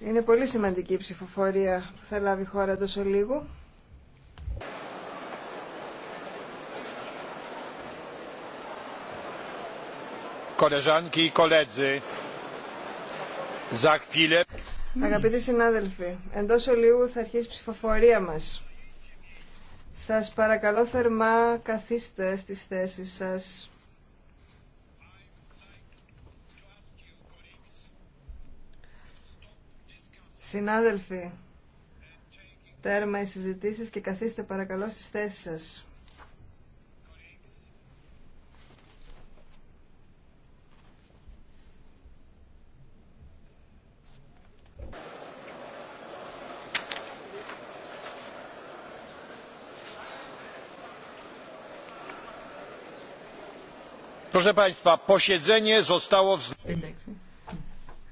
Είναι πολύ σημαντική η ψηφοφορία που θα λάβει η χώρα τόσο λίγο. Αγαπητοί συνάδελφοι, εντό ολίγου θα αρχίσει η ψηφοφορία μας. Σας παρακαλώ θερμά καθίστε στις θέσεις σας. Συνάδελφοι, τέρμα οι συζητήσεις και καθίστε παρακαλώ στις θέσεις σας.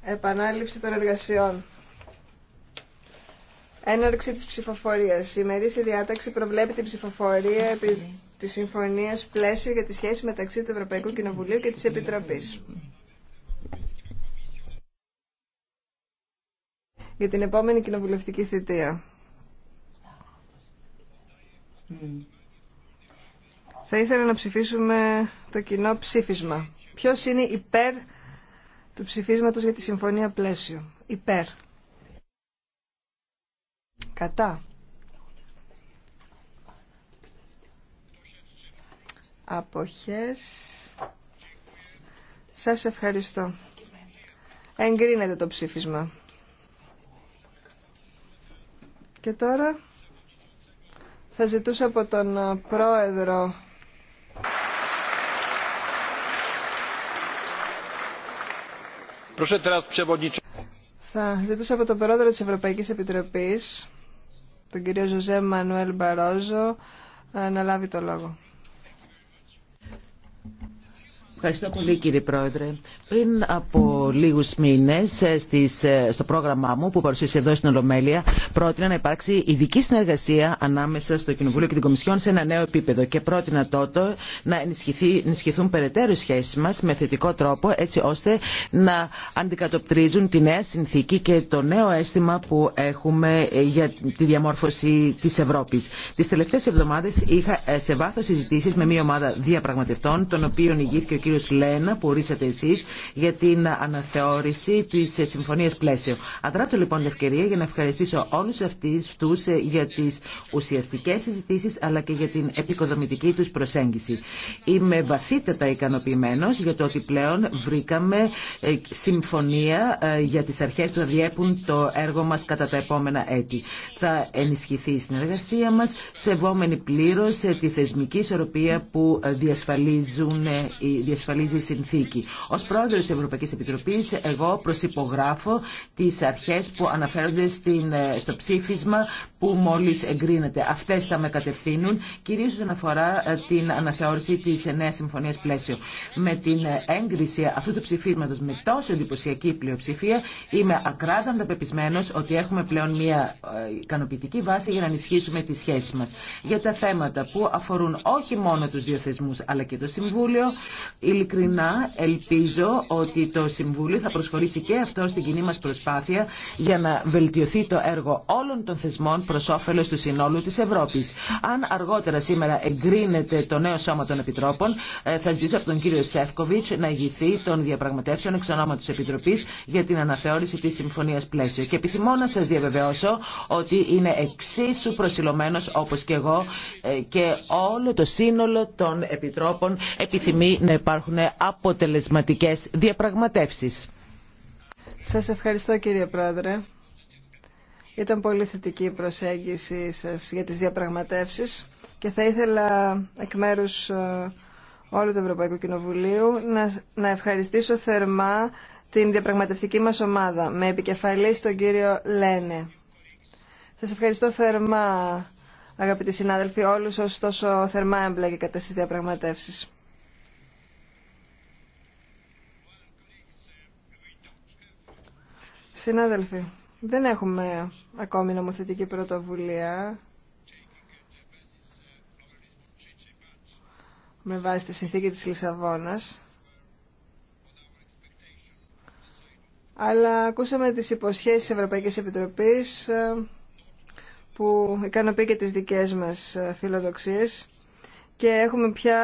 Επανάληψη των εργασιών. Έναρξη της ψηφοφορίας. Η μερίσια διάταξη προβλέπει την ψηφοφορία επί της Συμφωνίας Πλαίσιο για τη σχέση μεταξύ του Ευρωπαϊκού Κοινοβουλίου και της Επιτροπής. Για την επόμενη κοινοβουλευτική θητεία. Θα ήθελα να ψηφίσουμε το κοινό ψήφισμα. Ποιος είναι υπέρ του ψηφίσματος για τη Συμφωνία Πλαίσιο. Υπέρ. Κατά. Αποχές. Σας ευχαριστώ. Εγκρίνεται το ψήφισμα. Και τώρα θα ζητούσα από τον ε, πρόεδρο Θα ζητούσα από τον πρόεδρο της Ευρωπαϊκής Επιτροπής τον κύριο Ζωζέ Μανουέλ Μπαρόζο ε, να λάβει το λόγο. Ευχαριστώ πολύ κύριε Πρόεδρε. Πριν από λίγους μήνες ε, ε, στο πρόγραμμά μου που παρουσίασε εδώ στην Ολομέλεια πρότεινα να υπάρξει ειδική συνεργασία ανάμεσα στο Κοινοβούλιο και την Κομισιόν σε ένα νέο επίπεδο και πρότεινα τότε να ενισχυθούν περαιτέρω οι σχέσεις μας με θετικό τρόπο έτσι ώστε να αντικατοπτρίζουν τη νέα συνθήκη και το νέο αίσθημα που έχουμε ε, για τη διαμόρφωση της Ευρώπης. Τις τελευταίες εβδομάδες είχα σε βάθος συζητήσεις με μια ομάδα διαπραγματευτών των οποίων ηγήθηκε κύριο Λένα που ορίσατε εσείς για την αναθεώρηση τη συμφωνίας πλαίσιο. Αντράτω λοιπόν την ευκαιρία για να ευχαριστήσω όλους αυτούς ε, για τι ουσιαστικέ συζητήσει, αλλά και για την επικοδομητική του προσέγγιση. Είμαι βαθύτατα ικανοποιημένο, για το ότι πλέον βρήκαμε ε, συμφωνία ε, για τι αρχέ που θα διέπουν το έργο μα κατά τα επόμενα έτη. Θα ενισχυθεί η συνεργασία μας, σεβόμενη πλήρως τη θεσμική ισορροπία που διασφαλίζουν οι διασφαλίζει η συνθήκη. Ω πρόεδρος της Ευρωπαϊκής Επιτροπής, εγώ προσυπογράφω τι αρχέ που αναφέρονται στην, ε, στο ψήφισμα που μόλι εγκρίνεται. αυτέ θα με κατευθύνουν, κυρίω όσον αφορά ε, την αναθεώρηση τη νέα συμφωνία πλαίσιο. Με την ε, έγκριση αυτού του ψηφίσματο με τόσο εντυπωσιακή πλειοψηφία, είμαι ακράδαντα πεπισμένο ότι έχουμε πλέον μια ικανοποιητική βάση για να ενισχύσουμε τι σχέσει μα. Για τα θέματα που αφορούν όχι μόνο του δύο θεσμού αλλά και το Συμβούλιο, Ειλικρινά ελπίζω ότι το Συμβούλιο θα προσχωρήσει και αυτό στην κοινή μας προσπάθεια για να βελτιωθεί το έργο όλων των θεσμών προς όφελος του συνόλου της Ευρώπης. Αν αργότερα σήμερα εγκρίνεται το νέο σώμα των Επιτρόπων, ε, θα ζητήσω από τον κύριο Σεύκοβιτς να ηγηθεί των διαπραγματεύσεων εξ ονόματος Επιτροπής για την αναθεώρηση της Συμφωνίας Πλαίσιο. Και επιθυμώ να σας διαβεβαιώσω ότι είναι εξίσου προσιλωμένος όπως και εγώ ε, και όλο το σύνολο των Επιτρόπων επιθυμεί να υπάρχουν αποτελεσματικές διαπραγματεύσεις. Σας ευχαριστώ κύριε Πρόεδρε. Ήταν πολύ θετική η προσέγγιση σας για τις διαπραγματεύσεις και θα ήθελα εκ μέρους ε, όλου του Ευρωπαϊκού Κοινοβουλίου να, ευχαριστήσω θερμά την διαπραγματευτική μας ομάδα με επικεφαλή τον κύριο Λένε. Σας ευχαριστώ θερμά αγαπητοί συνάδελφοι όλους όσους τόσο θερμά κατά στις διαπραγματεύσεις. Συνάδελφοι, δεν έχουμε ακόμη νομοθετική πρωτοβουλία με βάση τη συνθήκη της Λισαβόνας. Αλλά ακούσαμε τις υποσχέσεις της Ευρωπαϊκής Επιτροπής ε, που ικανοποιεί και τις δικές μας ε, φιλοδοξίες και έχουμε πια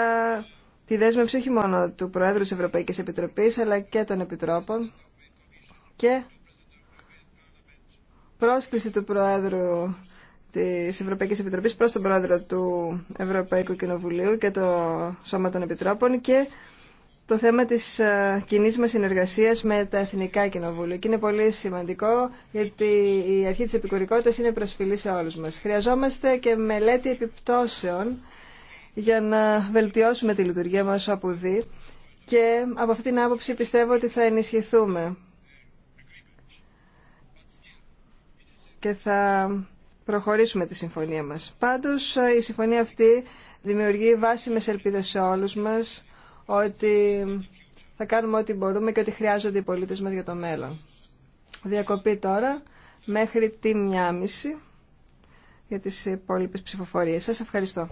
τη δέσμευση όχι μόνο του Προέδρου της Ευρωπαϊκής Επιτροπής αλλά και των Επιτρόπων και πρόσκληση του Προέδρου της Ευρωπαϊκής Επιτροπής προς τον Πρόεδρο του Ευρωπαϊκού Κοινοβουλίου και το Σώμα των Επιτρόπων και το θέμα της ε, κοινή μας συνεργασίας με τα Εθνικά Κοινοβούλια. Και είναι πολύ σημαντικό γιατί η αρχή της επικουρικότητας είναι προσφυλή σε όλους μας. Χρειαζόμαστε και μελέτη επιπτώσεων για να βελτιώσουμε τη λειτουργία μας όπου δει και από αυτή την άποψη πιστεύω ότι θα ενισχυθούμε και θα προχωρήσουμε τη συμφωνία μας. Πάντως η συμφωνία αυτή δημιουργεί βάσιμες ελπίδες σε όλους μας ότι θα κάνουμε ό,τι μπορούμε και ό,τι χρειάζονται οι πολίτες μας για το μέλλον. Διακοπή τώρα μέχρι τη μιάμιση για τις υπόλοιπες ψηφοφορίες. Σας ευχαριστώ.